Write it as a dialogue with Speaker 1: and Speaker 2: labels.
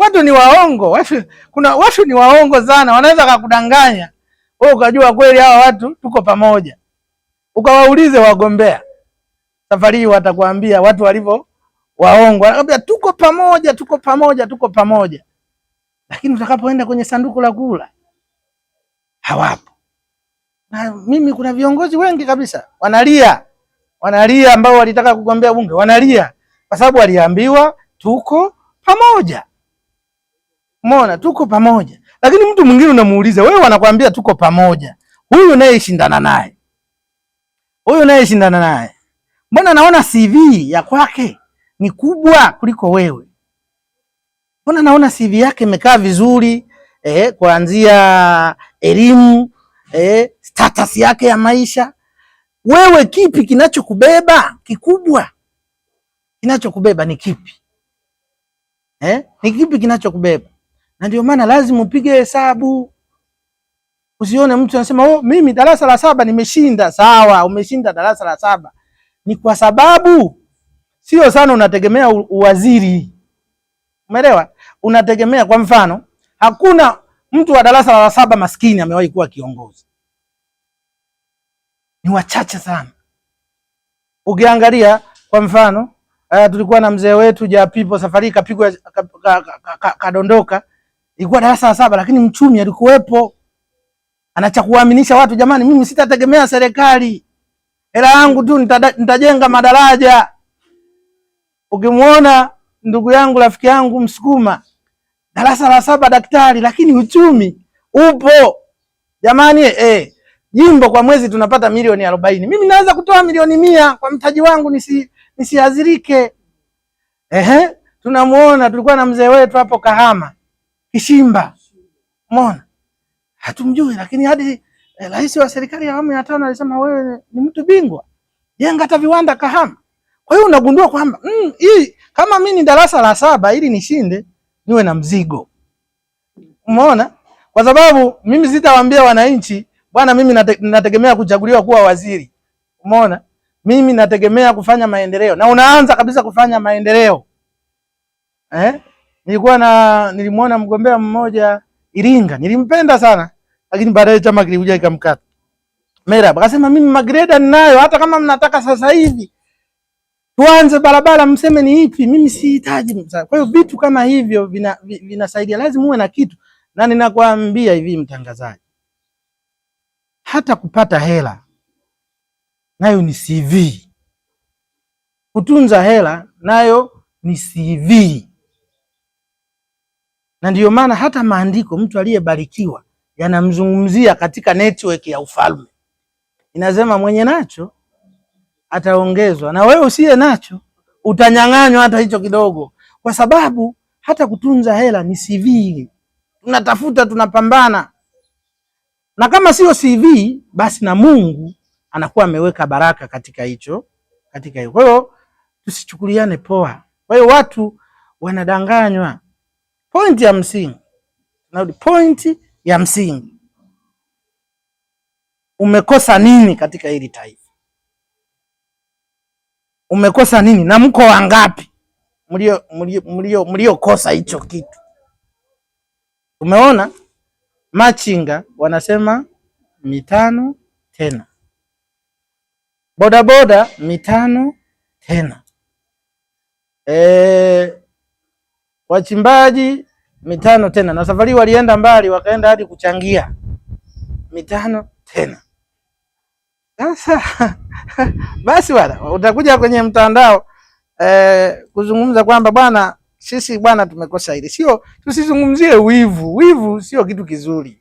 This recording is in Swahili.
Speaker 1: Watu ni waongo, watu, kuna watu ni waongo sana, wanaweza kakudanganya wewe ukajua kweli hawa watu tuko pamoja. Ukawaulize wagombea, safari hii watakwambia watu walivyo waongo, wanakwambia tuko pamoja, tuko pamoja, tuko pamoja, lakini utakapoenda kwenye sanduku la kula hawapo. Na mimi kuna viongozi wengi kabisa wanalia, wanalia ambao walitaka kugombea bunge, wanalia kwa sababu waliambiwa tuko pamoja. Umeona, tuko pamoja. Lakini mtu mwingine unamuuliza wewe, wanakwambia tuko pamoja, huyu unayeshindana naye, huyu shindana naye, mbona naona CV ya kwake ni kubwa kuliko wewe? Mbona naona CV yake imekaa vizuri eh, kuanzia elimu eh, status yake ya maisha. Wewe kipi kinachokubeba kikubwa? Kinachokubeba ni kipi eh? Ni kipi kinachokubeba? na ndio maana lazima upige hesabu. Usione mtu anasema oh, mimi darasa la saba nimeshinda. Sawa, umeshinda darasa la saba, ni kwa sababu sio sana unategemea uwaziri. Umeelewa? Unategemea kwa mfano, hakuna mtu wa darasa la saba maskini amewahi kuwa kiongozi, ni wachache sana. Ukiangalia kwa mfano, uh, tulikuwa na mzee wetu Japipo safari kapigwa kadondoka ka, ka, ka, ka, ka, ilikuwa darasa la saba, lakini mchumi alikuwepo anacha kuaminisha watu, jamani, mimi sitategemea serikali, hela yangu tu nitajenga madaraja. Ukimuona ndugu yangu rafiki yangu Msukuma darasa la saba daktari, lakini uchumi upo jamani. Eh, eh, jimbo kwa mwezi tunapata milioni arobaini, mimi naweza kutoa milioni mia kwa mtaji wangu nisi nisiazirike. Ehe, tunamuona tulikuwa na mzee wetu hapo Kahama Kishimba. Umeona? Hatumjui lakini hadi eh, rais eh, wa serikali ya awamu ya tano alisema wewe ni mtu bingwa. Jenga hata viwanda Kahama. Kwa hiyo unagundua kwamba mm, hii kama mimi ni darasa la saba ili nishinde niwe na mzigo. Umeona? Kwa sababu mimi sitawaambia wananchi bwana, mimi nate, nategemea kuchaguliwa kuwa waziri. Umeona? Mimi nategemea kufanya maendeleo na unaanza kabisa kufanya maendeleo eh? nilikuwa na nilimwona mgombea mmoja Iringa, nilimpenda sana, lakini baadaye chama kilikuja kikamkata Merab, akasema mimi magreda ninayo, hata kama mnataka sasa hivi tuanze barabara, mseme ni ipi, mimi sihitaji. Kwa hiyo vitu kama hivyo vinasaidia, vina lazima uwe na kitu, na ninakwambia hivi mtangazaji, hata kupata hela nayo ni CV, kutunza hela nayo ni CV na ndiyo maana hata maandiko mtu aliyebarikiwa yanamzungumzia katika network ya ufalme. Inasema mwenye nacho ataongezwa, na wewe usiye nacho utanyang'anywa hata hicho kidogo, kwa sababu hata kutunza hela ni CV. Tunatafuta, tunapambana, na kama sio CV basi na Mungu anakuwa ameweka baraka katika hicho, katika hiyo. Kwa hiyo tusichukuliane poa. Kwa hiyo watu wanadanganywa. Pointi ya msingi, narudi pointi ya msingi, umekosa nini katika hili taifa? Umekosa nini na mko wangapi mliokosa hicho kitu? Umeona machinga wanasema mitano tena, bodaboda mitano tena, e, wachimbaji mitano tena, na safari walienda mbali, wakaenda hadi kuchangia mitano tena. Sasa basi bwana, utakuja kwenye mtandao eh, kuzungumza kwamba bwana, sisi bwana tumekosa hili. Sio, tusizungumzie wivu. Wivu sio kitu kizuri.